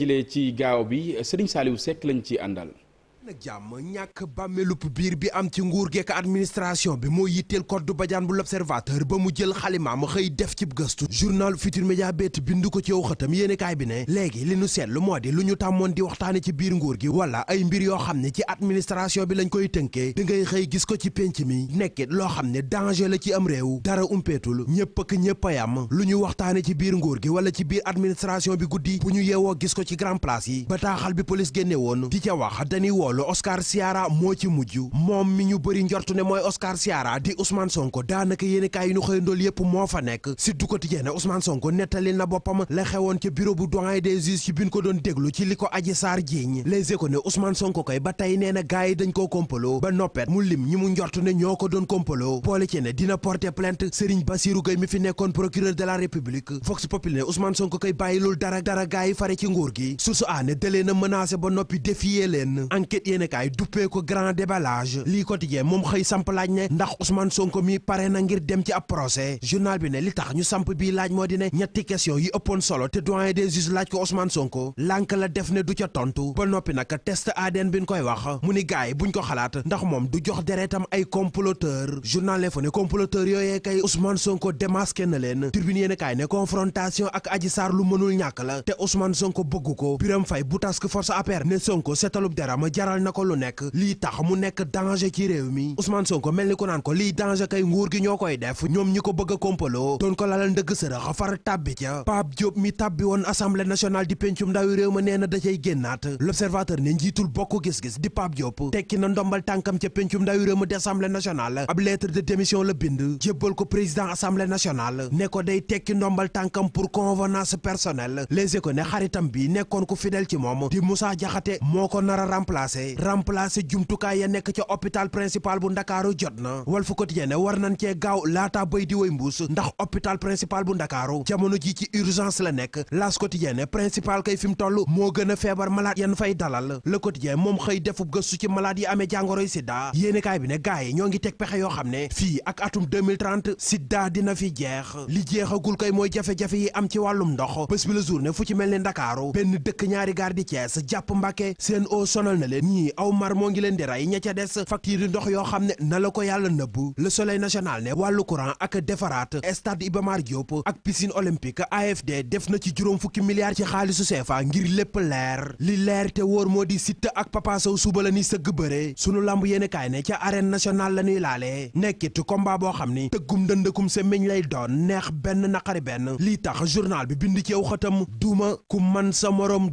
jëlee ci gaaw bi Serigne Saliou Seck lañ ci àndal. nag jàmm ñàkk bàmmeelup biir bi am ci nguur geek administration bi moo yitteel code du bajaan bu l'observateur ba mu jël xalimaam xëy def ci gastu journal Futur Média bett bindu ko ci yow xëtam yéenekaay bi ne léegi li ñu seetlu moo di lu ñu tàmmoon di waxtaane ci biir nguur gi wala ay mbir yoo xam ne ci administration bi lañ koy tënkee da ngay xëy gis ko ci pénc mi nekkit loo xam ne danger la ci am réew dara umpeetul ñëpp ak ñëpp a lu ñu waxtaane ci biir nguur gi wala ci biir administration bi guddi bu ñu yeewoo gis ko ci grand yi bataaxal bi police génne woon di ca wax dañuy loolu Oscar Siara moo ci mujj moom mi ñu bëri njortu ne mooy Oscar Siara di Ousmane Sonko daanaka yéen kaay yi ñu xëyandool yépp moo fa nekk si du quotidien ne Ousmane na boppam la xewoon ca bureau bu doyen ko doon déglu ci li ko Adji Sarr jiiñ Les Échos ne Ousmane Sonko koy ba tey nee na gars yi dañ koo kompaloo ba noppet mu lim ñi mu njortu ne ñoo ko doon kompaloo boole ci ne dina porter plainte Serigne Bassirou Gueye mi fi nekkoon procureur de la République Vox Populi ne Ousmane Sonko koy bàyyilul dara dara gars yi fare ci nguur gi susu aane dalee na menacé ba noppi défier leen enquête yéen a kaay duppee ko grand moom xëy samp laaj ne ndax Ousmane Sonko mi pare na ngir dem ci ab procès journal bi ne li tax ñu samp bi laaj moo di ne ñetti question yi ëppoon solo te doyen des juges laaj ko Ousmane Sonko lànk la def ne du ca tontu ba noppi nag test ADN bi ñu koy wax mu ni gaay buñ ko xalaat ndax moom du jox deretam ay comploteur journal L'Info ne comploteur yooyee kay Ousmane Sonko démasqué na leen tribune yéen a kaay ne confrontation ak Adji Sarr lu mënul ñàkk la te Ousmane Sonko bëgg ko Birame Faye bu task force APR ne Sonko setalub dara ma jaral jaral na ko lu nekk lii tax mu nekk danger ci réew mi Ousmane Sonko mel ni ko naan ko lii danger kay nguur gi ñoo koy def ñoom ñi ko bëgg a kompaloo doon ko lalal ndëgg sërëx far tàbbi ca Pape Diop mi tàbbi woon assemblée nationale di pencum ndawi réew ma nee na da cay génnaat l'observateur ne njiitul bokk gis-gis di Pape Diop tekki na ndombal tànkam ca pencum ndawi réew ma di assemblée nationale ab lettre de démission la bind jébbal ko président assemblée nationale a remplacé remplacé jumtukaay ya nekk ca hôpital principal bu ndakaaru jot na Walf Quotidien war nañ cee gaaw laata bay di way mbuus ndax hôpital principal bu ndakaaru jamono ji ci urgence la nekk L'As Quotidien principal kay fi mu toll moo gën a feebar malade yan fay dalal Le Quotidien moom xëy defub gëstu ci malade yi amee jàngoroy sida yéenekaay bi ne gaay ñoo ngi teg pexe yoo xam ne fii ak atum 2030 dina fi jeex li jeexagul kay mooy jafe-jafe ñi aw mar moo ngi leen di rey ña ca des facture yi ndox yoo xam ne na la ko yàlla nëbb le soleil national ne wàllu courant ak defaraat stade Iba Mar Diop ak piscine olympique AFD def na ci juróom fukki milliards ci xaalisu CFA ngir lépp leer li leer te wóor moo di Siteu ak Papa suba la sëgg bëre sunu lamb yéen kaay ne ca arène nationale la ñuy nekkit combat boo xam ni tëggum dëndëkum semmiñ lay doon neex benn naqari benn li tax journal bi bind ci aw xëtam duma ku man sa morom